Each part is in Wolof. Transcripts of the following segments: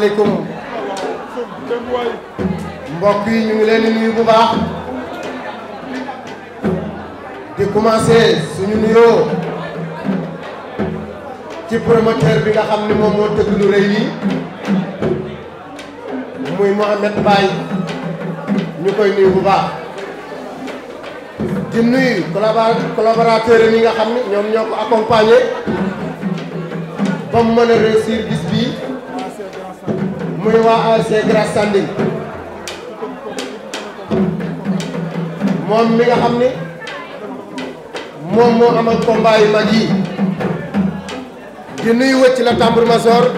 asalaamaaleykum mbokk yi ñu ngi leen di bu baax di commencé suñu nuyoo ci promoteur bi nga xam ni moom moo tëgg lu rëy yi muy ñu koy nuyu bu baax di nuyu collaborateur yi nga xam ne ñoom ñoo ko accompagné ba mu mën a réussir bis muy waa ASC Grasse Sanding moom mi nga xam ni moom moo amal combat yu mag yi di nuyu wëcc la Tambour Major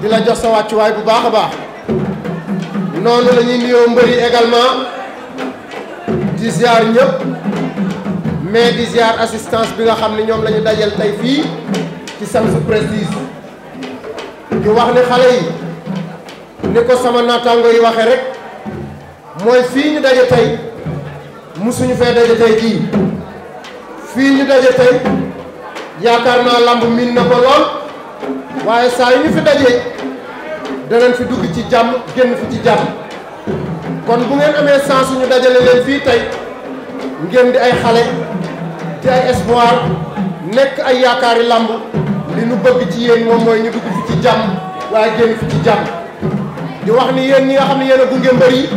di la jox sa wàccuwaay bu baax a baax noonu la ñuy nuyoo mbëri également di ziar ñëpp mais di ziar assistance bi nga xam ni ñoom la ñu dajal tey fii ci Samsou Prestige di wax ne xale yi ni ko sama naataango yi waxee rek mooy fii ñu daje tey musuñu fee daje tey jii fii ñu daje tey yaakaar naa lamb miin na ko lool waaye saa yu ñu fi dajee danañ fi dugg ci jàmm génn fi ci jàmm kon bu ngeen amee sens suñu dajale leen fii tey ngeen di ay xale di ay espoir nekk ay yaakaari lamb li nu bëgg ci yéen moom mooy ñu dugg fi jam waaye génn fi ci jàmm di wax ni yéen ñi nga xam ne yéen a gunge mbër yi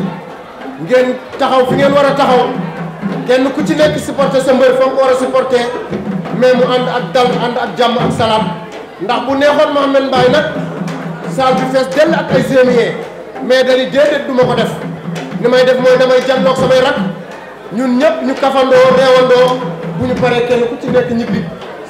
ngeen taxaw fi ngeen war a taxaw kenn ku ci nekk supporter sa mbër foog war a supporter mais mu ànd ak dal ànd ak jàmm ak salaam ndax bu neexoon Mouhamed Mbaye nag salle bi fees dell ak ay gémier mais dali déedéet du ko def ni may def mooy damay jàndoog samay rak ñun ñëpp ñu kafandoo reewandoo bu ñu kenn ku ci nekk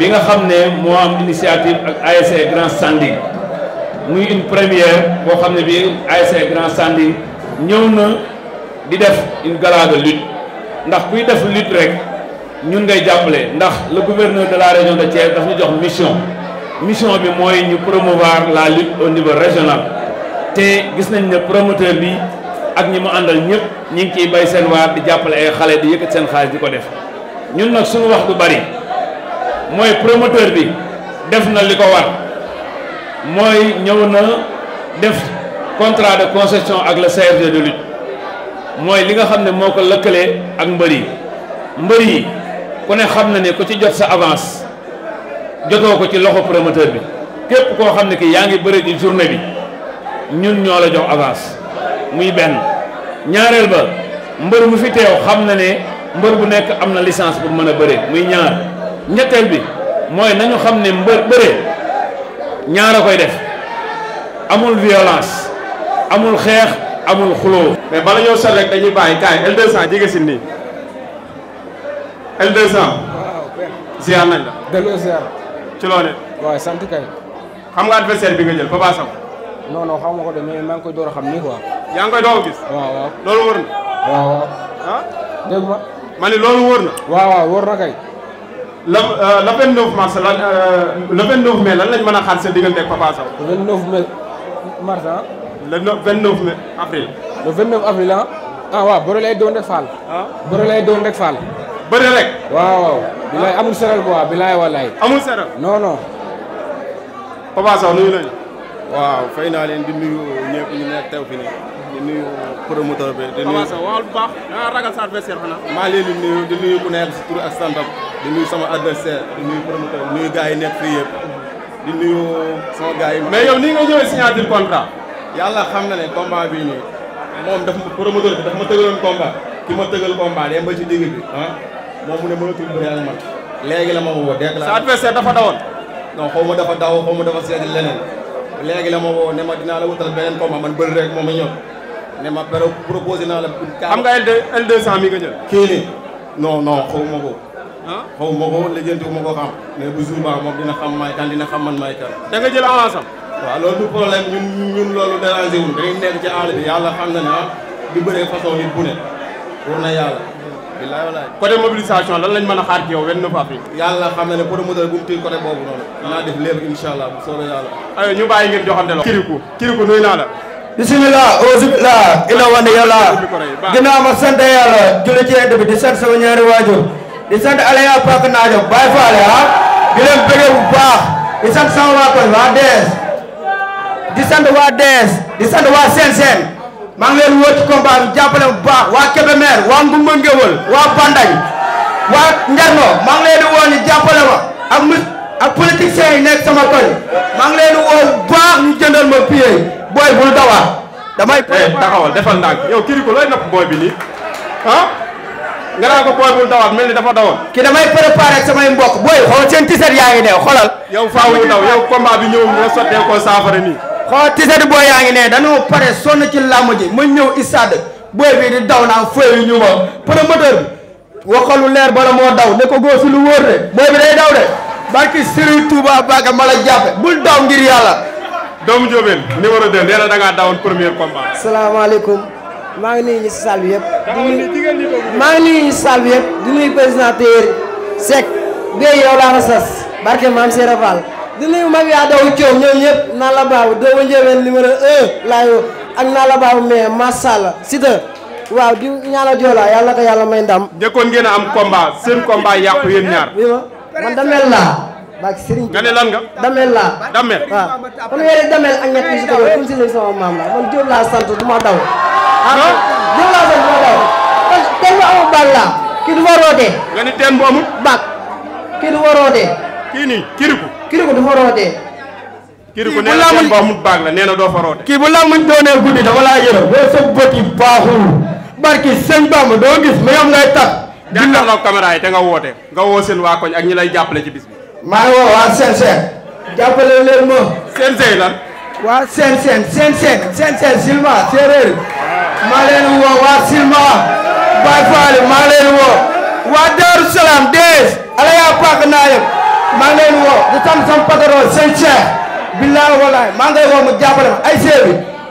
bi nga xam ne moo am initiative ak ASC Grand Standing muy une première boo xam ne bi ASC Grand Standing ñëw na di def une gala de lutte ndax kuy def lutte rek ñun ngay jàppale ndax la gouverneur de la région de Thiès daf ñu jox mission mission bi mooy ñu promouvoir la lutte au niveau régional te gis nañ ne promoteur bi ak ñi mu àndal ñëpp ñi ngi ciy bay seen waar di jàppale ay xale di yëkkat seen xaalis di ko def ñun nag suñu wax du bari moy promoteur bi def na liko war moy ñew na def contrat de concession ak le CRG de lutte moy li nga xamne moko lekkale ak mbeuri mbeuri ku ne xamna ne ko ci jot sa avance joto ko ci loxo promoteur bi kep ko xamne ki yaangi beure ci journée bi ñun ñoo la jox avance muy ben ñaarel ba mbeur mu fi tew xamna ne mbeur bu nek amna licence pour meuna beure muy ñaar ñetteel bi mooy nañu xam ne mbër bëre ñaar koy def amul violence amul xeex amul xuloo mais bala ñoo sa rek dañuy bàyyi kaay L200 jege si nii L200. ziar nañ la. delloo ziar. ci loonee. waaw sant kay. xam nga adversaire bi nga jël Papa Sow. non non xaw ko door a xam nii quoi. yaa ngi koy door a gis. waaw waaw loolu wër na. waaw waaw ah? wër na kay. le 29 mars lan le 29 mai lan lañ mën xaar sa diggante Papa Sow. le 29 mai mars ah. le 29 mai avril. le 29 avril ah. ah waaw bëri lay doon rek Fall. ah bëri lay doon rek Fall. bëri rek. waaw waaw. bilaay amul seral quoi bilaay walaay. amul seral non non. Papa Sow nuyu nañu. waaw fay naa leen di nuyu ñëpp ñu nekk teew fi nii. di nuyu promoteur bi di nuyu. Papa Sow waaw bu baax. ragal sa adversaire xanaa. maa leen di nuyu di nuyu ku nekk si tur ak santam. di nuyu sama adversaire di nuyu promoteur nuyu gars yi nekk fii yëpp di nuyu sama gars yi. mais yow nii nga ñëwee signature contrat. yàlla xam na ne combat bii nii moom daf ma promoteur bi daf ma tëgaloon combat ki ma tëgal combat dem ba ci bi ah moom mu ne mënatul bëri ak man léegi la ma woo dégg la sa adversaire dafa dawoon. non xaw ma dafa daw xaw ma dafa seeti leneen léegi la ma woo ne ma dinaa la wutal beneen combat man bëri rek moom a ñor ne ma proposé naa la. xam nga L2 L200 mi ma ko. xaw ma ko lijjanti ma ko xam mais bu jour ba moom dina xam maay kan dina xam man maay kan da nga jël avance am waaw loolu du problème ñun ñun loolu dérangé wul dañuy nekk ci àll bi yàlla xam na ne ah di bëree façon nit bu ne war na yàlla bilaay walaay côté mobilisation lan lañ mën a xaar ci yow wenn fa fi yàlla xam na ne promoteur bu mu tiir boobu noonu naa def lépp incha bu soobee yàlla ayo ñu bàyyi ngeen joxante la kiriku kiriku naa la bisimilah ausibila ila wane yàlla ginnaaw ma di sant Alioune Pàcc Naajo Baye Fallé ah di leen bu baax di sant sama waa koñ waa DS di sant waa DS di sant waa Sène Sène woo ci combat bi jàppale bu baax waa Kébémer waa Ngumba Ngéwël waa Bandañ waa Njarno maa woo ni ma ak mu ak politiciens sama koñ maa woo bu baax ñu jëndal ma pied booy bul dawa damay. Eh, taxawal defal ndànk yow kiri looy napp booy bi nii ah. nga naa ko booy bul dawaat mel ni dafa dawoon ki damay préparé samay mbokk booy xool seen tiset yaa ngi ne xoolal yow faaw ñu daw yow combat bi ñëw nga sottee ko saafara nii xool tiset booy yaa ngi ne dañoo pare sonn ci làmb ji ma ñëw istade booy bi di daw naa feu yu ñu ma promoteur bi waxalu leer bara moo daw ne ko góor si lu wóor de booy bi day daw de barki Serigne Touba Baga ma la jàppe daw ngir yàlla doomu Jóobeen numéro 2 nee na da ngaa dawoon premier combat maa ngi nuyu ñu si salle bi yëpp. maa ngi nuyu ñu si salle bi di nuyu président Théory Seck bee yow laa fa barke maam Serap Fall di nuyu mag yaa coow ñoom ñëpp naa la baabu doomu njëween numéro un laayo ak naa la baabu mais macha allah sita waaw di la Joola yàlla ko yàlla may ndam. njëkkoon ngeen am combat seen combat yàqu yéen ñaar. man damel laa. baa ci sëriñ nga lan nga. damel laa. damel waaw. ñett yi si kaw si lañ sama maam la man Diop laa sant du ma daw. ah, ah Diop laa sant du ma daw. kon teen bu amul baag kii du ma kii nii kiriku. kiriku du ma rootee. na bu la nee na doo fa laa muñ doonee guddi dafa laa yërëm. boo sa bët yi baaxul. barki sëñ Bamba doo gis mais yow ngay tax. jàkkaarloo caméra yi te nga woote. nga woo seen waa koñ ak ñi lay jàppale ci bis bi. maa ngi woo waa seen seen jàppale leen ma seen seen lan waa seen seen seen seen seen seen silma séeréer maa leen woo waa silma Baay maa leen woo waa Daaru Salaam ala yaa paak naa maa leen woo di tam sam patron seen Cheikh billaay walaay maa ngay woo mu jàppale ma ay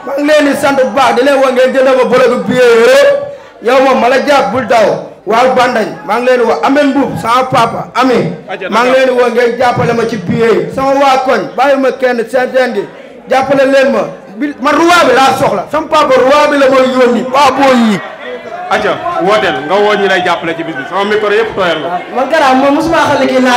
maa ngi leen sant bu baax di leen woo ngeen ma bolo bi biyee yow moom ma la jàpp bul daw waaw bandagne ma ngi leen wo amel mbuub sama papa ami ma ngi leen wo ngeen jàppale ma ci billet sama waa koñ bàyyi kenn saint seen di jàppale leen ma man ruwaa bi la soxla sama papa roi bi la moy yoni waa yi aja wooteel nga wo ñu lay jàppale ci bis sama micro yëpp tooyal ah, la ma gara mo mosuma xam ne kii la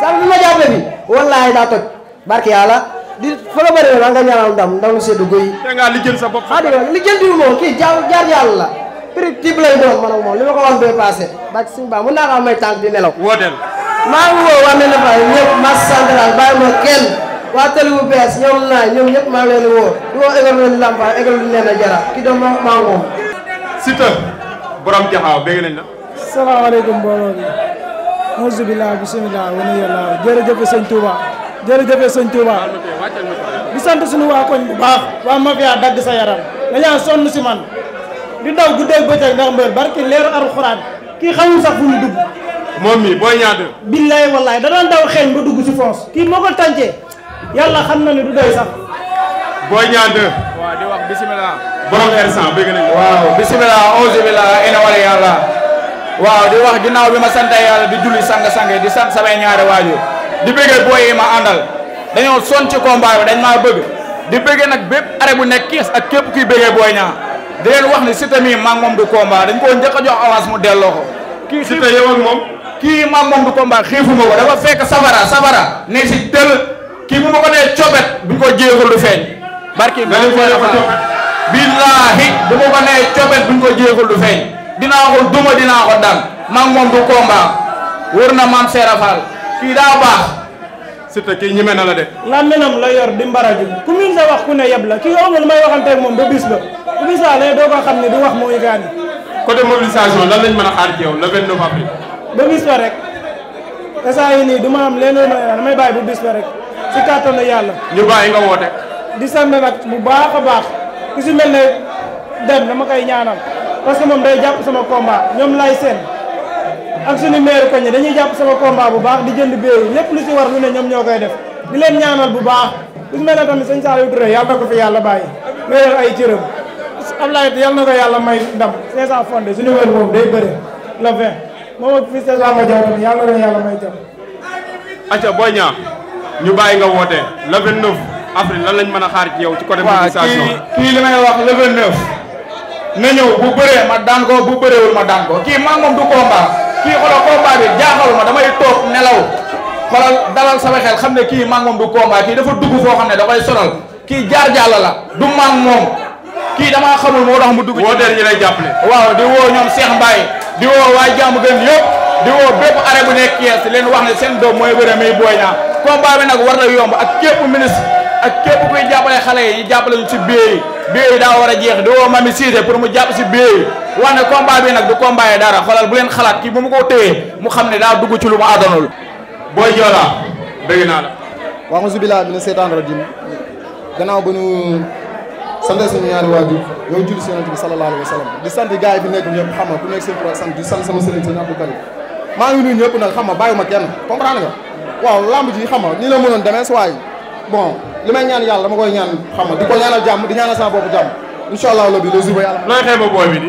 sama bi ma jàppale bi wallahi da tok barki yalla di fa la bëri nga ñaanal dam ndam lu seddu guy te nga lijjël sa bopp xaaral lijjël di mo ki jaar jaar yalla prédictible lay doon man ak moom li ma ko wax bee passé bak suñu baax mën naa ko am may tànk di nelaw wooteel maa ngi woo waa Médina Baye ñëpp masse centrale bàyyi ma kenn waa tali bu bees ñoom naa ñoom ñëpp maa ngi leen di woo di woo école leen lamba lu leen a wa yàlla jërëjëf sëñ Touba jërëjëf sëñ di daw guddeeg bëccëg ndax mbër barki leeru alxuraan kii xamul sax fu mu dugg moom mi booy ñaade billaay wallaay da doon daw xeeñ ba dugg si foos kii moo ko tàncee yàlla xam na ne du doy sax booy ñaade waaw di wax bisimilah borom ersan bëgg nañ waaw bisimilah auzu billah ina wala yàlla waaw di wax ginnaaw bi ma sant yàlla di julli sang-sang di sant samay ñaari waajur di bëggee booy ma àndal dañoo son ci combat bi dañ maa bëgg di bëggee nag bépp are bu nekk ak képp kuy bëggee booy ñaa di leen wax ni Siteu mii maa moom du combat dañ koo njëkk a jox mu delloo ko. kii Siteu yow ak moom. kii maa moom du combat xiifuma da dafa fekk safara safara ne si tël kii bu ma ko nee copet bu ñu ko jéegul du feeñ. barki bi billaahi bu ma ko nee copet bu ñu ko jéegul du feeñ dinaa ko duma dinaa ko daan maa moom du combat wër na maam Serap Fall daa baax. surtout ki ñi na la de la menam la yor di mbaraju ku min sa wax ku ne yeb la ki yow ngul may waxante ak mom ba bis ba bu bis la do ko xamni du wax moy gaani côté mobilisation lan lañ mëna xaar ci yow le 29 avril ba bis la rek esa yi ni duma am leneen may bay bu bis la rek ci carton la yalla ñu bay nga wote di nak bu baaxa baax ku ci melne dem dama kay ñaanal parce que mom day japp sama combat ñom lay sen ak suñu maire koñ dañuy jàpp sama combat bu baax di jënd béy lépp lu si war lu ne ñoom ñoo koy def di leen ñaanal bu baax ku mel ne tamit sëñ Saliou Touré yàlla na ko fi yàlla bàyyi wéyal ay cëram Ablaye yàlla na ko yàlla may ndam 500 fondé suñu wér boobu day bëri le 20 moom ak fii ma jox yàlla na yàlla may jam acca Boy ñu bàyyi nga woote le 29 avril lan lañ mën a xaar ci yow ci côté mobilisation kii kii li may wax le 29 bu bëree ma ma daan ko kii maa kii xoolal combat bi jaaxaluma damay toog nelaw xoolal dalal sama xel xam ne kii maag moom du combat kii dafa dugg foo xam ne da koy sonal kii jaar jàll du maag moom kii damaa xamul moo tax mu dugg. moo der ñi lay jàppale. waaw di woo ñoom Cheikh Mbaye di woo waa jàmm gën yëpp di woo bépp arrêt bu nekk Thiès leen wax ne seen doom mooy bëre muy Boy Niang combat bi nag war na yomb ak képp ministre. ak képp kuy jàppale xale yi jàppale ñu si biir yi biir daa war a jeex di woo Mamy Cissé pour mu jàpp si biir yi wax bi nag du combat yi dara xoolal bu leen xalaat kii bu mu ko téye mu xam ne daa dugg ci lu mu booy Joola dégg naa la. waa si bilaa bi ne seetaan rajim gannaaw ba ñu sant suñu ñaari waajur yow julli si yonent bi sallallahu alayhi wa sallam di sant gars yi fi nekk ñëpp xam nga ku nekk seen pro sant di sant sama sëriñ sëñ Abdou Karim maa ngi nuyu ñëpp nag xam nga bàyyiwuma kenn comprendre nga waaw xam nga nii la mënoon demee si waay bon li may ñaan yàlla ma koy ñaan xam nga di ko ñaanal jàmm di ñaanal sama bopp jàmm incha allah loolu bi le jour ba di.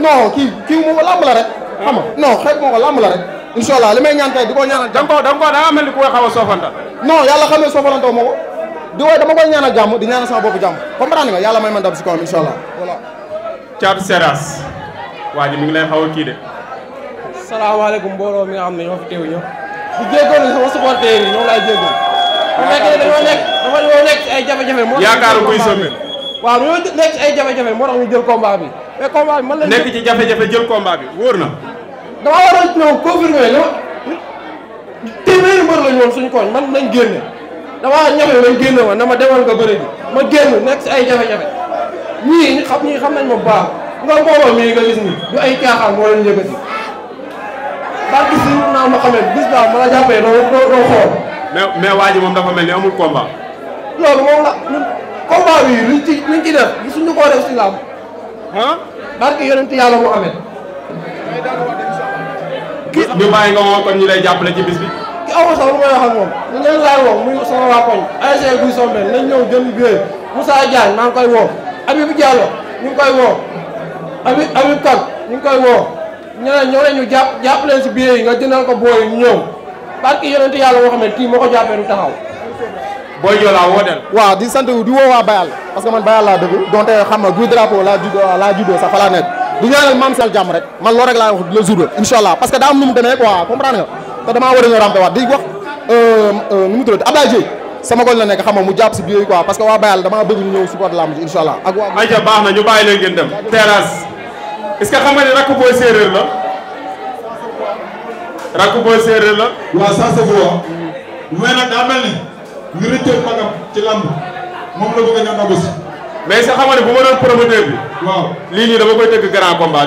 non kii kii moom làmb la rek. xam nga non xeeb moo ko làmb la rek. incha li may ñaan tey di ko ñaanal. da nga koo da nga ku koy xaw a soofanta. non yàlla xam ne soofantaw ma ko di wooy dama koy ñaanal jàmm di ñaanal sama bopp jàmm comprendre nga yàlla may man dab si kawam incha allah voilà. Thiatou Seras. waa ji ngi lay xaw kii de. salaamaaleykum mbooloo mi nga xam ne ñoo bu fekkee dañoo nekk dañoo ay jafe-jafe. moo tax yaakaaru kuy waaw dañoo nekk ay jafe-jafe moo tax ñu jël combat bi. mais combat bi man la nekk ci jafe-jafe jël combat bi wóor na. dama war a ñëw confirmé li ma suñu koñ man nañ génne damaa ñafe nañ génne ma na ma demal nga bëri bi ma génn nekk ay jafe-jafe ñii xam nañ ma baax nga mbooloo mii nga gis ni du ay caaxaan moo leen yëkkati. barke si naa ma bis baax ma la jàppee doo doo xool. mais mais waa ji moom dafa mel ni amul combat. loolu moom la ñun combat bi luñ ci luñ ci def gisuñu koo def si laam. ah. barke yonent yàlla mu amee. ki ñu bàyyi nga woo kon ñu lay jàppale ci bis bi. ki aw sax lu may wax ak moom ñu leen laay woo muy sama waa koñ ASC Guy Sombène nañ ñëw jëm biir Moussa Diagne maa koy woo Habib Diallo ñu ngi koy woo Habib Habib Kane ñu ngi koy woo ñeneen ñoo leen ñu jàpp jàpp leen si biir yi nga jëndal ko booy ñëw. barke yonente yàlla woo xam kii moo ko jàppee du taxaw. booy Joola woo del. waaw di sant di woo waa Bayal parce que man Bayal laa dëgg donte xam nga guy drapeau laa juddoo laa juddoo sax fa ñaanal maam Sall jàmm rek man loolu rek laa wax le jour la incha allah parce que daa am nu mu demee quoi nga te damaa war a ñëw rampe waat di wax euh, euh, nu mu tuddati Abdoulaye Dieye sama goñ la nekk xam mu jàpp si biir quoi parce que waa Bayal damaa bëgg ñu Raku boy séeréer la. waaw ça se voit. mais nag daa mel ni. ñu rëccoon magam ci lamb moom la bëgg a ñam abus. mais sa xamal ne bu ma doon ini bi. waaw lii nii dama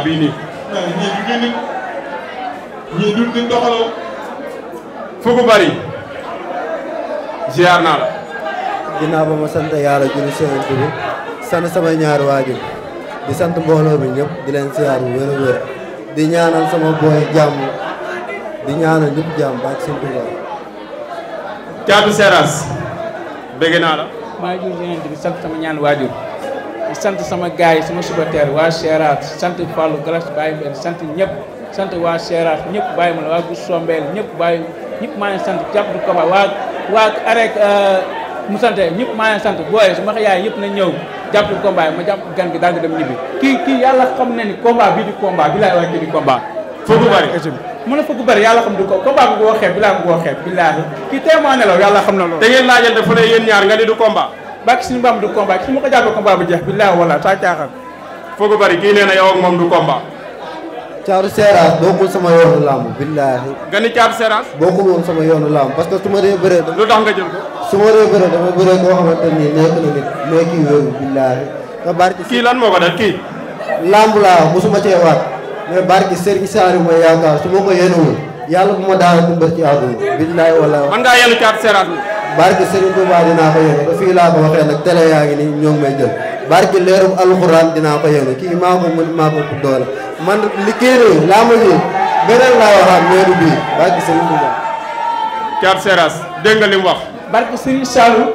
bari di sant mbooloo bi ñëpp di leen ziar ñaanal sama boy jamu. di ñaanal ñëpp jàmm baax seen Tuubaa. Thiatou Seras bëgg naa la. maa ngi leen di sant sama ñaan waajur di sant sama gars yi sama supporter waa Seras sant Fallou Galas Baye Mbène sant ñëpp sant waa Seras ñëpp bàyyi mu la waa Gu Sombeel ñëpp bàyyi ñëpp maa ngi sant jàpp du ko waa waa arek euh, mu sant ñëpp maa ngi sant booyee su ma yaay yëpp na ñëw jàpp combat yi ma jàpp gan gi daal di dem ñibbi kii kii yàlla xam na ni combat bii di combat bi laay foogu bari mu yàlla xam du ko combat bu ko xeeb bilaa kii témoin ne la yàlla xam na loolu da ngeen laajante fu ne yéen ñaar nga ni du combat bàkk suñu mbaam du combat su ma ko jàppee combat bu jeex bilaahi wala saa caaxaan foogu bari kii nee na yow moom du combat Caatu Seras bokkul sama yoonu làmb billaahi nga ni Caatu Seras bokkul woon sama yoon làmb parce que ma dee bëree lu tax nga jël ko su ma dee bëree dafa na nit mais kii wéeru billaahi nga barki kii lan moo ko def kii làmb laa mosuma cee waat mais barki Serigne Saliou ma yaakaar su ma ko yéenewul yàlla bu ma daal di mbër ci àdduna billaay wala. man ngaa yéenu caatu seeraat barki Serigne Touba dinaa ko yéene ba fii laa ko waxee nag télé yaa ngi nii ñoo ngi may jël barki leerum alxuraan dinaa ko yéene kii maa ko mën maa ko doole man liggéey nii laa ma ji beneen laa waxaat meeru bii barki Serigne Touba. caatu seeraas wax. barki Serigne Saliou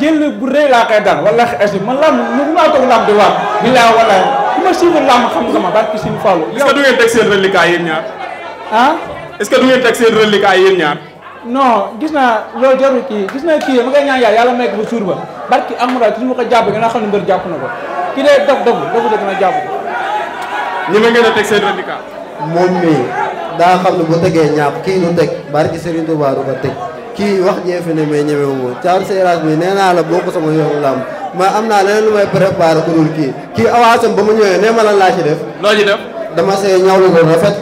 jël bu rëy laa koy dal wala xeetu ku ma suivre làmb xam nga ma barki suñu Fallou. est-ce que du ngeen teg seen reliquat yéen ñaar. ah. est-ce que du ngeen teg seen reliquat yéen ñaar. non gis naa loolu jarul kii gis naa kii ma koy ñaan yàlla yàlla may ko ba suur ba barki amura ki ñu ko jàpp nga xam ne mbër jàpp na ko ki dee dog dogu dogu de gën a jàpp ñi ma ngeen a teg seen reliquat moom mii daa xam ne bu tegee ñaap kii du teg barki Serigne Touba du ko teg ki wax jee fi ne mais ñemewu ma caatu seeraas mi nee naa la boko sama yoonu lam ma amna leneen lu may préparer ko dul ki ki awasam am ñewé mu ma lan la ci def. lo ci def. dama see ñawlu ko rafet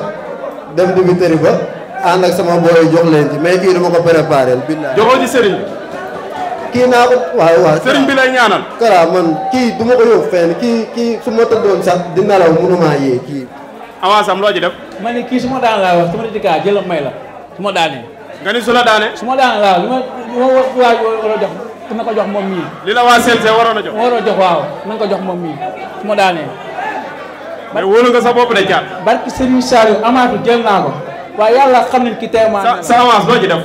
dem dibi teri ba and ak sama boy jox leen ci may ki dama ko préparer billaay joxo ci sëriñ ki na ko waaw waaw serigne bi lay ñaanal. kala man ki duma ko yow fenn ki ki suma ma doon sax di nalaw mënumaa yee kii. avance am ci def. mané ki suma daan la wax suma ma di may la suma ma nga ni su la daane. su ma daane laa li ma li ma waa a jox na ko jox moom li la waa CNG waroon a jox. waroon jox waaw na ko jox moom mii su ma daanee. mais wóolu nga sa bopp de jaar. barki Serigne Saliou amaatu jël naa ko waa yàlla xam nañ ki tey maa. sa avance doo ci def.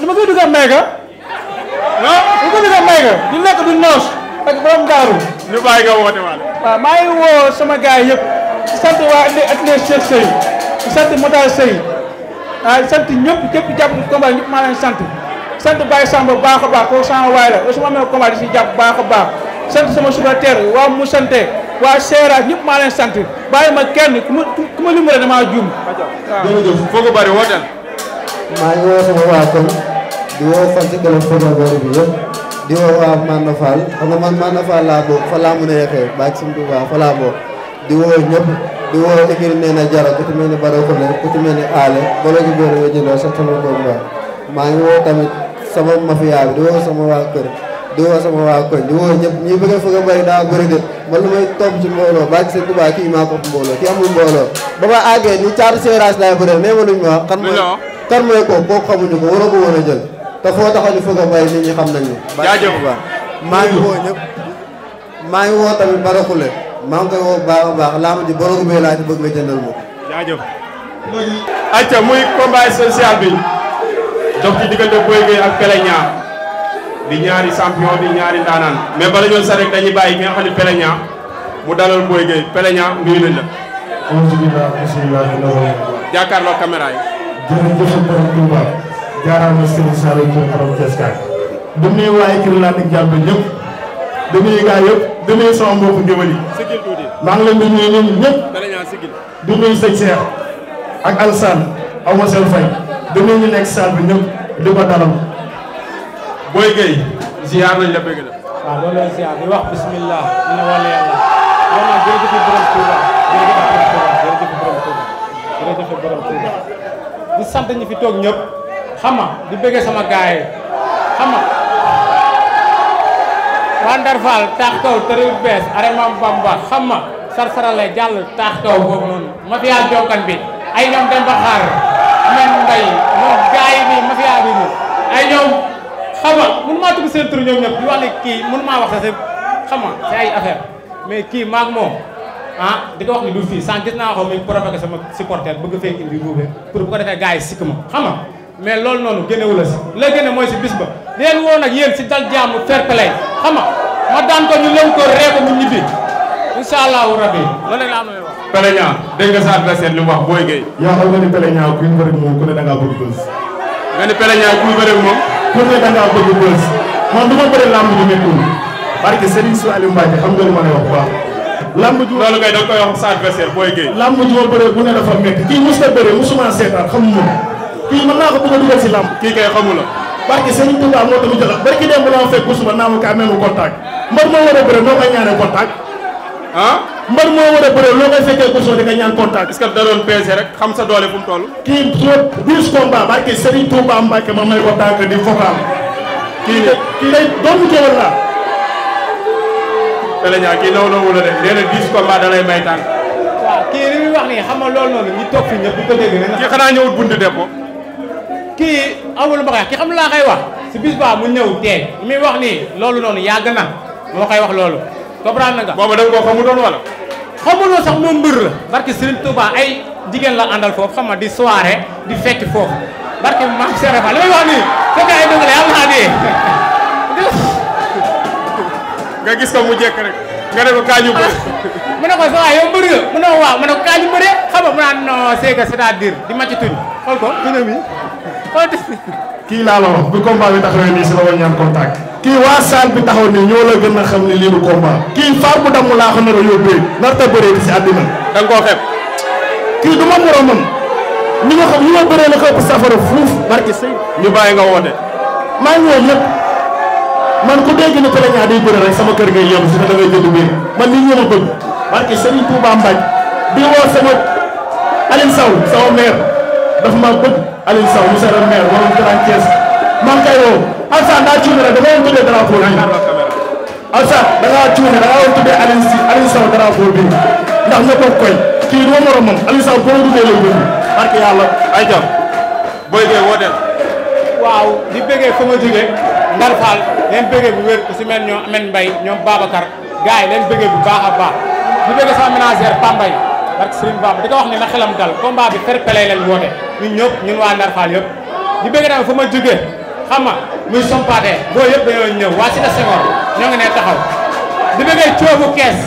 dama koy dugal may ga. non dama koy dugal may ga. du nekk du noos. ak borom daaru. ñu bàyyi nga woote waale. waaw maa ngi woo sama gars yëpp. di sant waa indi atelier Cheikh Seye di sant Mota Seye. ah sant ñëpp képp jàpp ci maa leen sant sant Baye Samba baax a baax kooku sama waay la su ma amee combat di si jàpp baax a baax sant sama supporter waa mu waa Seeraas ñëpp maa leen sant bàyyi ma kenn ku ma ku ma rek damaa juum. waaw jërëjëf foo ko bëri maa ngi woo sama waa kon di woo fan si këram Fodor bi yëpp di woo waa Manna Fall xam man Manna Fall laa bokk fa laa mën a yëkkee bàyyi si fa laa bokk di woo ñëpp. di woo écurie Néné Diarra ku ci mel ni Bada Koule ku ci mel ni Aale bala ji góor yoo sa sama kooku baax maa ngi woo tamit sama mafia bi di woo sama waa kër di woo sama waa koñ di woo ñëpp ñi bëgg a fëgg a bëri daa bëri de man lu may topp ci mbooloo baa ci Tuubaa kii maa ko mbooloo kii amul mbooloo ba ma àggee ni caatu séeraas laay bëree nee ma luñ ma wax kan mooy kan mooy ko xamuñu ko war a ko a jël te foo taxaw di fëgg a bëri nit ñi xam nañu jaajëf maa maa ngi maa ngi koy woo baax a baax laa ma bëgg nga jëndal ma. jaajëf. acca muy combat social bi dox ci diggante Boy Gueye ak Pelé di ñaari champion di ñaari ndaanaan mais bala ñoon sax rek dañuy bàyyi nga xam ne mu dalal Boy Gueye Pelé Niang nuyu la. alhamdulilah bisimilah. jàkkaarloo caméra yi. jërëjëf borom Touba jaaraama Serigne Saliou bu nuyu waa écurie Lac de Guiers Demi nuyu demi yëpp di nuyu sama mbokku ngéwël yi maa ngi leen di nuyu ñun ñëpp di nuyu sëñ Cheikh ak Alsaan aw ma fay di ñu nekk bi gay ziar nañ la bëgg la ziar di wax bismillah dina wàllu yàlla yow nag jërëjëf borom Touba jërëjëf borom Touba jërëjëf borom borom di sant ñi fi di bëggee sama gaay yi Wanderfal taax kaw tëriwut bees aremam bamba xam ma jàll taax kaw boobu noonu mafia jokkan bi ay ñoom dem ba men mbay moom gaay bi mafia bi ñu ay ñoom xam mun maa tudd seen tur ñoom ñëpp di wax ne kii mun maa wax sa xam si ay affaire mais kii maag moom ah di ko ni du fii sànq gis naa ko muy provoqué sama supporter bu fee indi ruube pour bu ko defee gars yi sikk mais loolu noonu génnewu la si la génne mooy si bis ba leen woo nag yéen si dal jaamu fair play xam nga ma daan ko ñu ko ree ko mu ñibbi incha allahu rabi loolu la am wax. Péléña dégg nga sa mu wax Boy Gueye. yaa xam nga ni Péléña kuy bëri moom ku ne da ngaa bëgg bës. nga ni Péléña kuy bëri moom. ku ne da ngaa bëgg bës man du ma bëri lamb ju méttiwul parce que Serigne Sou Aliou Mbacke xam nga lu ma lay loolu ngay da nga koy wax sa adversaire Boy Gueye. lamb ju kii mën naa ko bëgg a dugal si làmb kii kay xamu la barki Serigne Touba moo tax mu jël barki dem ba la fekk bu suba naa ma ko contact mbër moo war bëre noo koy ñaanee contact ah mbër moo war a bëre loo koy fekkee ko soo di nga ñaan contact est-ce que da doon peese rek xam sa doole fu mu toll kii soo douze combat barki Serigne Touba Mbacke ma may ko tànk di vocal kii ne kii day doomu jëwal laa dala ñaa kii naw nawu la de nee na dix combat da lay may tànk waaw kii li muy wax nii xam nga loolu ñi toog fi ñëpp ko dégg ne kii xanaa ñëwut bunt dépôt ki amul bagage ki xam la koy wax ci bis ba mu ñew teeg mi wax ni lolu noonu yàgg na mo koy wax loolu comprendre nga bobu dang ko xamu don wala xamuloo sax mo mbër la barke Serigne Touba ay jigéen la andal fofu xama di soirée di fekki fofu barke ma Serigne Fall li wax ni ko kay dëgg la yalla di nga gis ko mu jek rek nga ne ko kañu bëri ah, mu ne ko sa yow mu ne wa mu ne ko kañu bëri xama mu nan non c'est que c'est-à-dire di ci tuñ xol ko tuñam mi ki la lo bu combat bi taxaw ni ci la woon ñaan contact ki wa sal bi taxaw ni ñoo la gëna xam ni li bu combat ki faar bu dam la ko nar a yóbbee nar ta bëree ci aduna da nga ko xeeb ki du ma moromam ñi nga xam ñi ma bëree la ko safara fuf barki sey ñu bàyyi nga woote ma ñoo ñep man ku dégg iya, ni Pelé ñaa day bëri rek sama kër ngay yëm ci da ngay jënd bi man nii ñoo bëgg barki sey touba mbaj di wo sama alim saw sama mère daf ma bëgg Aliou Sow monsieur le maire wala grand Thiès man kay woo Alsaan daa cuune rek dama woon tuddee drapeau bi Alsaan da ngaa cuune da ngaa woon tuddee Aliou si Aliou Sow drapeau bi ndax nga bokk koy kii du ma moromam Aliou Sow boo duggee lay bëgg barke yàlla ay jam booy gee woo dem waaw di bëggee fa nga jógee Ndar Fall leen bëggee bu wér ku si mel ñoom Amène Mbaye ñoom Babacar gars yi leen bëggee bu baax a baax di bëggee sama ménagère Pambay barke Serigne Bamba diko wax ni na xelam dal combat bi fer pelay lañ wote ñun ñop ñun wa Ndar fal yop di bëgg na fu ma jógee xam nga muy yop boo yëpp dañoo ñëw waa Cité ñoo ngi ne taxaw di bëggee ciobu kess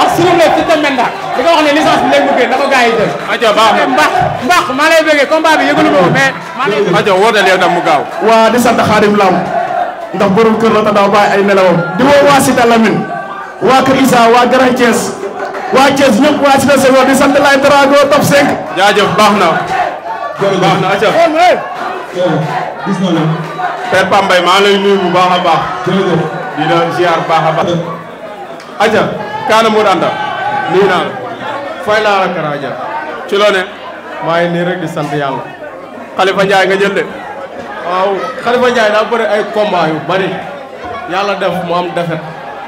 ak suñu la ci te menda di ko wax ni licence lay léegi mu génn na ko gars yi jël ajo baax na mbax mbax maa lay bëggee combat bi yëgalu ma ko mais maa lay ajo yow da mu gaaw wa di sant Xaadim Lam ndax borom kër la ta da bay ay nelawam di woo waa Cité Lamine wa kër isa wa Grand waa Thiès ñëpp waa Cité Senghor di sant Laye Drago top 5. baax na. baax na acca. gis naa la. Pambay maa lay nuyu bu baax a baax. jërëjëf di baax a baax. acca Kaana Mour Anta. nuyu fay laa la Karaja. ci loo ne. maa ngi nii rek di sant yàlla. Khalifa Ndiaye nga jël de. waaw Khalifa Ndiaye daa bëri ay combat yu bari la def mu am defet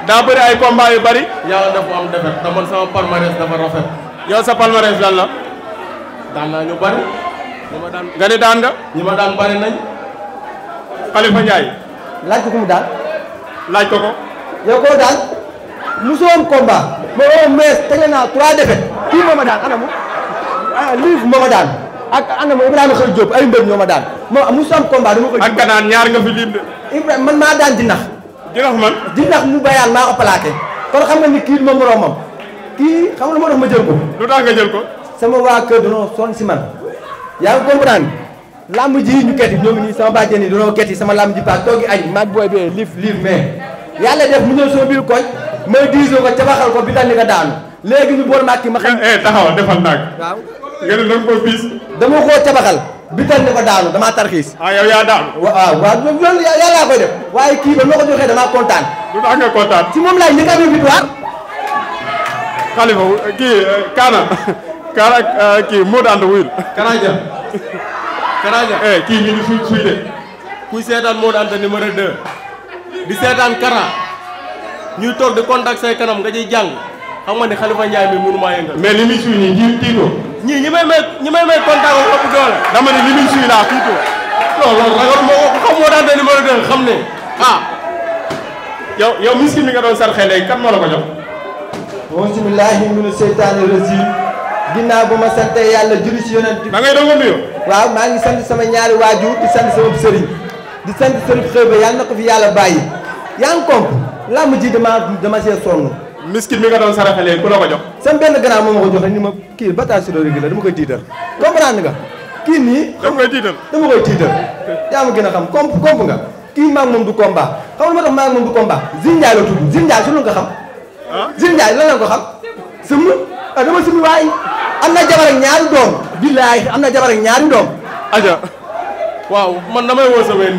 daa bëri ay combat yu bëri. yàlla def mu am defet sama palmarès dafa rafet. yow sa palmarès lan la. daan naa ñu bëri. ñi ma daan nga daan nga. ñi ma daan bëri nañ. Khalifa laaj ko ko ko. yow koo daan. musoo am combat. ma woo mees tege naa trois défaites. kii moo ma daan ana mu. ah lii moo ma daan. ak ana ma Ibrahima Xëy Diop ay mbër ñoo ma daan. ma musoo am dama ko. ak kanaan ñaar nga fi lim de. daan di nax. jinax man jinax mu bayaan maa ko plaqué kon xam nga ni kii ma moroomam kii xam nga moo tax ma jël ko lu tax nga jël ko sama waa kër dañoo sonn si man yaa ngi comprendre làmb ji ñu ket yi ñoom ñi sama bàjjen yi dañoo ket sama làmb ji paas toogi añ maag booy bee liif liif mais yàlla def mu ñëw sama biir koñ may diisoo ko cabaxal ko bi tal ni nga daanu léegi ñu bool maag ki ma xam eh, eh, taxawal defal naag waaw nga ne danga ko biis koo cabaxal bital ne ko daanu dama tarxiis ah yow ah, ya daanu ya, waaw waaw loolu yàlla koy def waaye kii ba dama tax nga si moom laay njëkk a amee victoire xalifa kii kaana kaana ah, kii moo daan da wuyul karaja karaja eh kii ñu ngi de kuy seetaan moo daan numéro 2 di kara di contact say kanam nga ciy jàng xam nga ne xalifa Ndiaye mi mënu maa yëngal mais ñii ñi may may ñi may may kontaan wu ëpp dama ne li muy suy laa tuuti. non loolu ragal moo ko xam moo daan xam ne ah. yow yow miskin mi nga doon sarxee léegi kan moo la ko jox. auzu billaahi mina seytaani rajiim ginnaaw ba ma sante yàlla juri ci yonent bi. da ngay doon waaw maa ngi sant sama ñaari waaju di sant sama sëriñ di sant sëriñ xëy ba yàlla na ko fi yàlla bàyyi yaa ngi komp làmb ji dama dama see sonn. miskin mi nga doon saraxalee ku la ko jox sam benn grand moom ma ko jox ni ma kii bata sidori gi la dama koy tiital comprendre nga kii nii dama koy di dama koy tiital yaa ma gën a xam comp comp nga kii maa ngi du combat xam nga ma tax maa ngi moom du combat Zil Ndiaye la tudd Zil Ndiaye su lu nga xam ah? Zil Ndiaye lan la ko xam sëmm a ah, dama sëmm waaye am na jabar ak ñaari doom billaay am na jabar ak ñaari doom aja waaw man na may sa wenn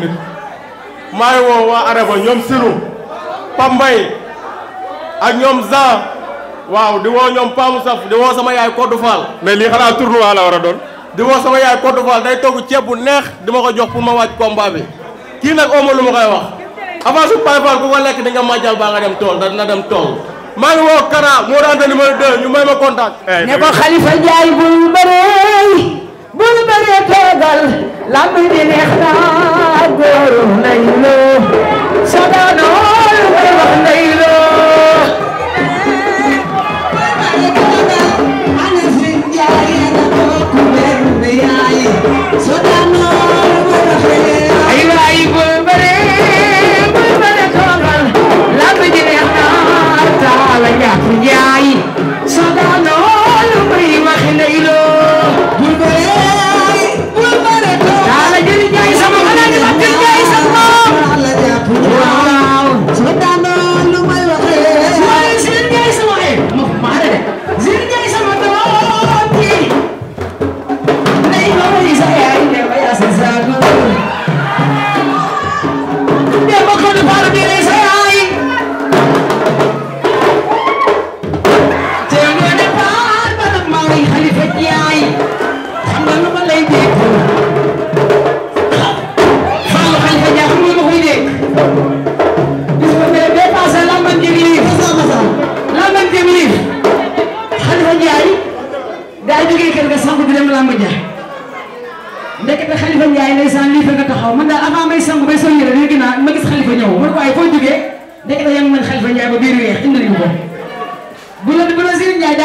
maa ngi woo waa araba ñoom ak ñoom Zan waaw di woo ñoom Pamou Saf di woo sama yaay Kodou Fall. mais lii xanaa tournoi la war a doon. di woo sama yaay Kodou Fall day togg ceeb bu neex di ma ko jox pour ma waaj combat bi kii nag omo lu ma koy wax avance bu Baye Fall ku ko lekk di nga baa nga dem tool da dina dem tool. maa ngi woo Kara moo daan numéro 2 ñu may ma contact. Eh, ne ko Khalifa Ndiaye bul bëree bul bëree toogal lamb di neex na góor nañ la.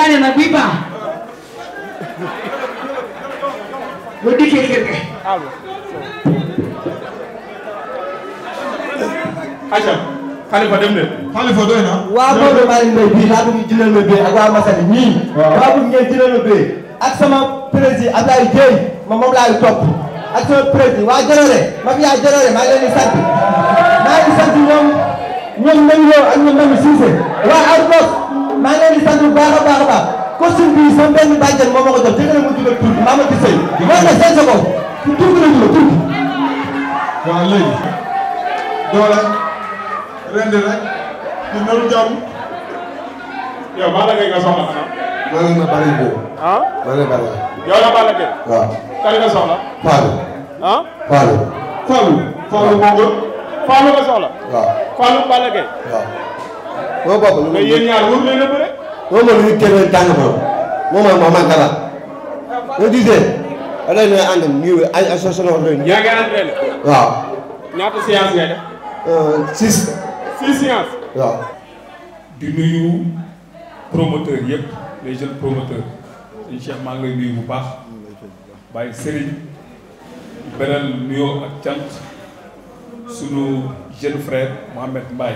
daane na bii baax bu dikkee kër ga. ayca Khalifa dem leen. Khalifa doy na. waa Maodo maa ngi lay bii laa bëgg jëlal ma bee ak waa Masady ñii. waaw laa bëgg ngeen jëlal ma bee ak sama ma moom laay ma leen di sant maa ngi sant ñoom ñoom Mbengue ak ñoom Mbengue Cissé waa Argos. maa ngi leen di sant bu baax a baax a baax costume bi sama benn bàjjen moo ma ko jox dégg nga mu dugal tur bi maa ma ci sëy war na seen sa bopp tur bi la dugal tur bi waaw léegi doole rendi rek ñu naru jàmm yow Balla Gaye nga soxla xanaa maa ngi ma bari boobu ah maa ngi bari yow la Balla Gaye waaw kan nga soxla Fallou ah Fallou Fallou Fallou moo gën Fallou nga soxla waaw Fallou Balla Gaye waaw moom boppam. mais yéen ñaar wóor leen a bëre. moom mooy lu ñu téeméer tàng moom moom mooy moom ak ala. boo gisee. ba léegi ñooy ànd ñu ay association la ñu. yaa ngi entraîné. waaw. ñaata séance ngay def. Euh, six. six séances. waaw. di nuyu promoteur yëpp les jeunes bu baax. bàyyi Serigne. beneen nuyoo ak cant. sunu jeune frère Mohamed Mbaye.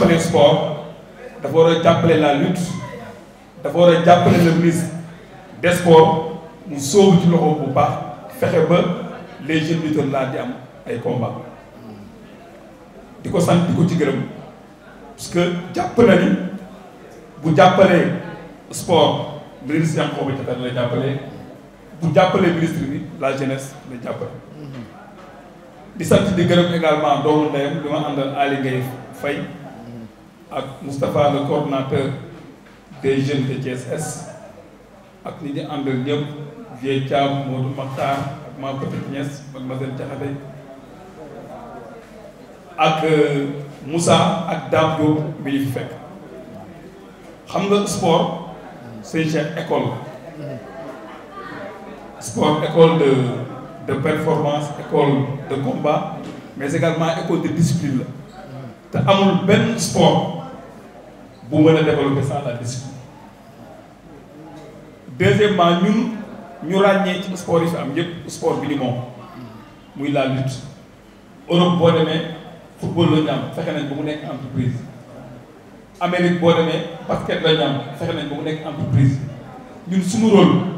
Nous le sport dafa la lutte dafa le ministre des sports nous sommes ci loxo bu baax les jeunes de la di am combat di parce que j'appelle bu sport ministre des sports, la ministre la jeunesse le di sant di gërëm également doomu ndeyam bi ma àndal Ali Gueye Faye ak Moustapha le coordonnateur des de Thiès Est ak ñi ñu àndal ñëpp Vieux Thiam Modou Makhtar ak ma petite mademoiselle Diakhaté ak euh, Moussa ak Dame Diop bi fekk xam nga sport c'est école sport école de de performance école de combat mais également école de discipline C'est un amul sport pour mën développer sans la discipline deuxièmement nous, nous avons un sport yi fi sport bi la lutte Europe le football la un am fexe nañ entreprise Amérique le basket la ñu am fexe nañ entreprise ñun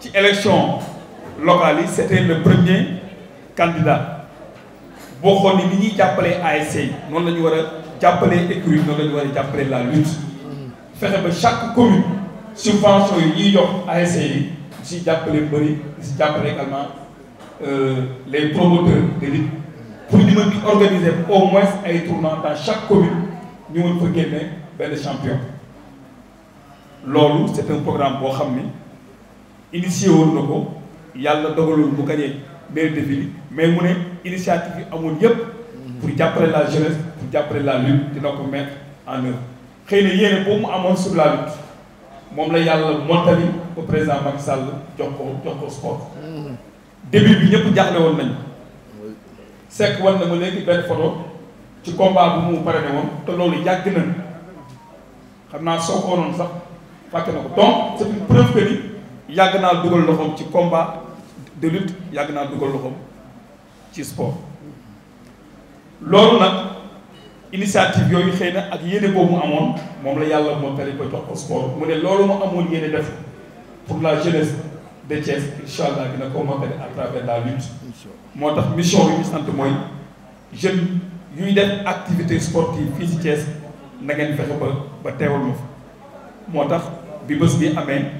ci élection locale c'était le premier candidat boo xool ni li ñuy jàppalee ASC noonu la ñu a jàppalee écurie noonu a la lutte chaque commune subvention yi ñuy jox ASC yi si jàppale bëri si jàppale également euh, les promoteurs de lutte pour ñu organiser au moins un tournois dans chaque commune ñu mën fa gagner champions. champion loolu c'est un programme pour xam initié woon na ko yàlla dogalul mu gagné maire de ville mais mu initiative amul yépp pour jappalé la jeunesse pour jappalé la lutte dina ko mettre en œuvre xëy na bo mu amone sur la lutte mom la yàlla montali au président Macky Sall jox ko jox ko sport début bi ñëpp jaxlé won nañ Seck war na mu léegi ben photo ci combat bu mu pare won woon te loolu yàgg na xam naa soo sax fàtte nako donc c'est une preuve que ni yàgg naa dugal loxoom ci combat de lutte yàgg naa dugal loxoom ci sport loolu nag initiative yooyu xëy na ak yéene boobu mu amoon moom la yàlla moo tali ko jox ko sport mu ne loolu mu amoon yéene def pour la jeunesse de Thiès incha allah dina ko mottali à travers la lutte moo tax mission bi ñu sant mooy jeune yuy def activité sportive fii ci Thiès na ngeen fexe ba ba teewal ma fa moo tax bi bés bi amee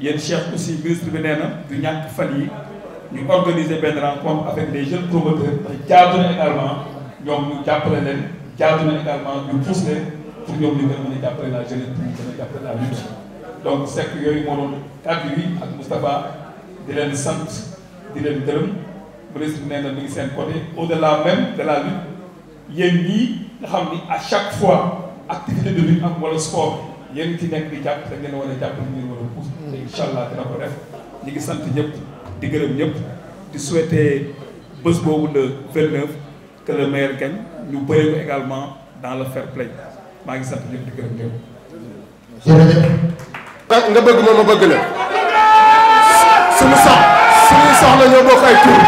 yéen Cheikh aussi ministre bi Nena, du ñàkk fan yi ñu organiser benn rencontre avec les jeunes promoteurs te jaadu na également ñoom ñu jàppale leen jaadu na également ñu pousse pour ñoom ñu gën mën a la jeunesse pour ñu la lutte donc c'est que moo doon kàddu yi ak Moustapha di leen sant di leen gërëm ministre bi Nena, na mi ngi seen côté au delà même de la lutte yéen ñii nga xam ni à chaque fois activité de lutte am wala sport yéen ci Nek, di jàpp da ngeen war a te allah dina ngi sant ñëpp di gërëm ñëpp di souhaiter bés boobu le 29 que ñu bëree également dans le fair play maa ngi sant ñëpp di gërëm ñëpp. Ah, nga bëgg moom ma bëgg la. suñu sax suñu soxla ñoo bokk ay tur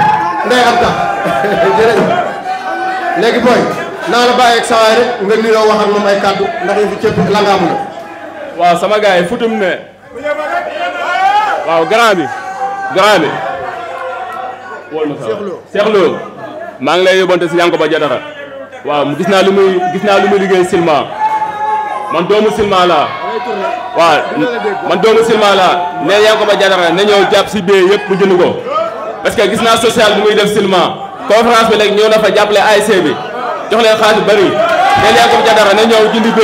ndey am tax jërëjëf léegi booy naa la bàyyi ak saa waay rek nga niroo wax ak moom ay kàddu ndax yëfu cëpp langaamu na. waaw sama gars yi futum ne. waaw grand bi grand bi Cheikh Lo maa ngi lay yóbbante si Yankoba Diatara waaw gis naa lu muy gis naa lu muy liggéey silma man doomu silma laa waaw man doomu silma laa ne Yankoba Diatara na ñëw jàpp si bee yëpp mu ko parce que gis naa social bi muy def silma conférence bi léegi ñëw na fa jàppale ASC bi jox leen xaalis bu bëri ne Yankoba Diatara bee yëpp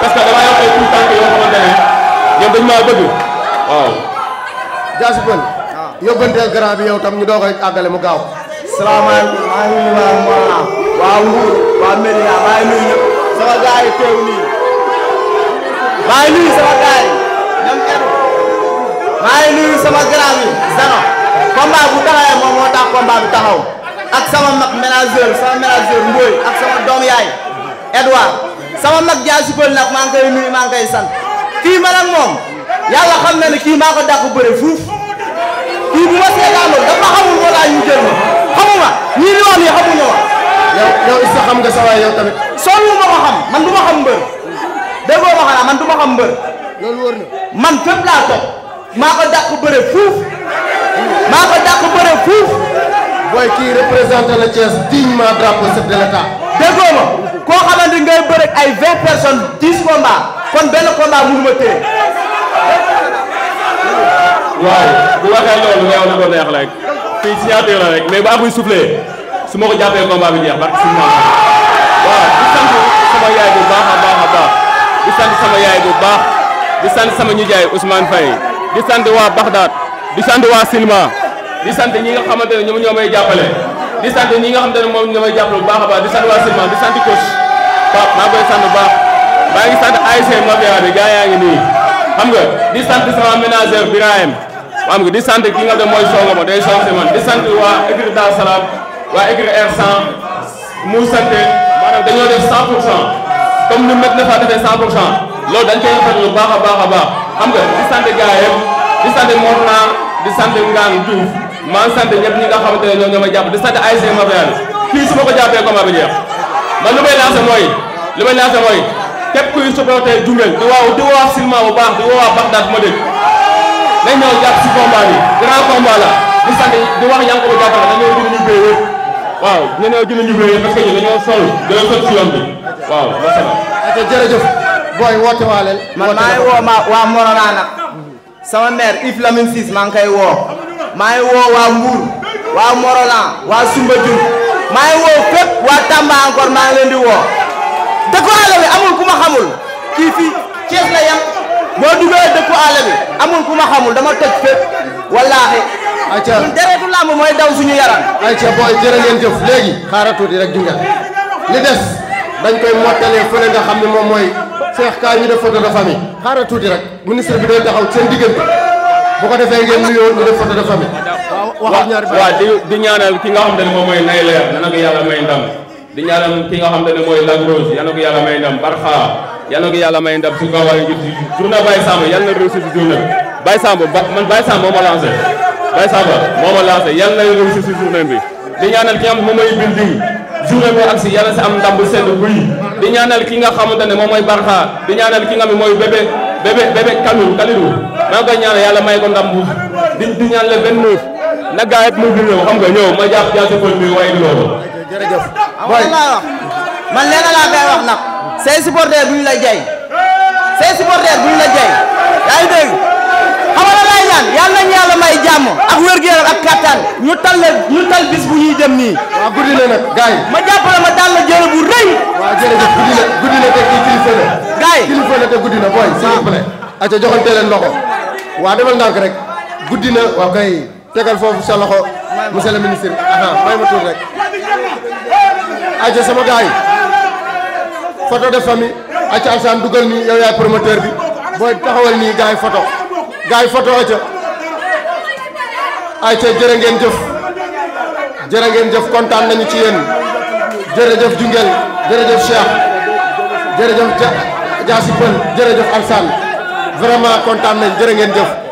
parce que dama yokkee tout tànk yoo xamante ne ñoom dañ maa bëgg waaw. Diassy Peulh. grand bi yow tam ñu doog rek àggale mu gaaw. salaamaaleykum maa ngi nuyu waa waa Mbour waa Medina maa ngi sama gars teew nii maa ngi sama gars maa ngi sama grand bi Zano combat bu taxawee moom moo tax combat taxaw ak sama mag manager sama manager Mboy ak sama doom yaay Edouard sama mag Diassy Peulh maa ngi koy maa ngi koy kii man ak moom yàlla xam na ne kii maa ko dàq bëre fuuf kii bu ma seetaanul dafa xamul wala ñu jël ma xamuma ñii li wax nii xamuñu ma. yow yow xam nga sa waay yow tamit. sonn ma ko xam man du ma xam mbër déggoo ma xanaa man du xam mbër. man fépp laa toog maa ko dàq bëre fuuf maa ko dàq bëre fuuf. booy kii représenté la Thiès dignement drapeau chef de l'État. ma koo xamante ngay bëre ay vingt personnes dix combats. kon benn combat mënuma téye. waaye bu waxee loolu neew na ko neex rek fii signature la rek mais bu amuy soufflé su ma ko jàppee combat bi jeex barke si ma waaw di sant sama yaay bu baax a baax a baax di sant sama yaay bu baax di sant sama nijaay Ousmane Faye di sant waa Bagdad di sant waa Silma di sant ñi nga xamante ne ñoom ñoo may jàppale di sant ñi nga xamante ne moom ñoo may jàppale bu baax a baax di sant waa Silma di sant coach Pape maa ngi koy baax. maa ngi sant ASC Mafia bi gaa yaa ngi nii xam nga di sant sama ménagère Birahim xam nga di sant ki nga xam ne mooy Songo ma day Songo si man di sant waa écurie Dar waa écurie R100 mu sant maanaam dañoo def 100 pour cent comme ni Met Nafa defee 100 pour cent loolu dañ koy rafetlu lu baax a baax a baax xam nga di sant gaa yëpp di sant Morna di sant Ngane Diouf maa ngi sant ñëpp ñi nga xamante ne ñoom ñoo ma di sant ASC Mafia bi fii su ma ko jàppee combat jeex képp kuy supporter Diourbel di waaw di woo Silma bu baax di woo waa Bagdad bu ma dégg dañ ñëw jàpp si combat bi grand combat di sant di wax Yankhoba Diattara dañoo jënd ñu béy ñu ñëw jënd ñu béy yëpp parce que ñu dañoo sol dañoo sol si yoon bi waaw wasalaam. ok jërëjëf booy woo maa waa Morona sama mère Yves Lamine Cissé maa ngi koy woo maa woo waa Mbour waa Morona waa Soumbédioune maa woo fépp waa Tamba encore di woo. dëkku àll bi amul ku ma xamul kii fii Thiès la yam boo duggee dëkku àll bi amul ku ma xamul dama toj fépp wallaahi. ayca ñun deretu làmb mooy daw ñu yaram. ayca booy jërë ngeen jëf léegi xaaral tuuti rek jungal li des dañ koy mottalee fële nga xam ne moom mooy Cheikh Ka ñu def photo de famille xaaral tuuti rek ministre bi day taxaw seen diggante bu ko defee ngeen nuyoo ñu def photo de famille. waaw waaw di ñaanal ki nga xam ne moom mooy nay leer na nga yàlla may ndam. di ñaanal ki nga xam ne mooy Lac Rose yal na ko yàlla may ndam Barxa yal na ko yàlla may ndam su gaawaayu ngir journée Baye Samba yal na réussir si journée bi Baye Samba man Baye Samba moo ma lancé Baye Samba moo ma lancé yal na réussir si journée bi di ñaanal ki nga xam ne moom mooy building journée bi ak si yàlla si am ndam bu sedd buy di ñaanal ki nga xamante ne moom mooy Barxa di ñaanal ki nga xam ne mooy bébé bébé bébé Kalilu Kalilu maa ngi koy ñaanal yàlla may ko ndam bu di di ñaanal le 29 na gaa yëpp mu dindi xam nga ñëw ma jàpp jaasi pël bi waaye loolu jërëjëf booy laa man leena laa koy wax nag say supporter bu ñu la jay say supporter bu ñu la jay yaa ngi dégg xamala lay ñaan may jàmm ak wér-gu-yaram ak kattan ñu tal la ñu tal bis bu ñuy dem nii waaw guddi la nag gars ma jàppale la jël bu rëy waaw jërëjëf guddi la guddi la te kii kilifa te guddi na booy s'il vous rek guddi na waaw kay tegal foofu sa loxo monsieur le ministre aha may ma tuur rek aja sama gars yi photo de famille aca Alsaan dugal nii yow yaay promoteur bi booy taxawal nii gars yi photo gars yi photo aca aca jëf jërë ngeen jëf kontaan nañu ci yéen jërëjëf Jungel jërëjëf Cheikh jërëjëf Dia Dia Sy Pël jërëjëf Alsaan vraiment kontaan nañ jërë ngeen jëf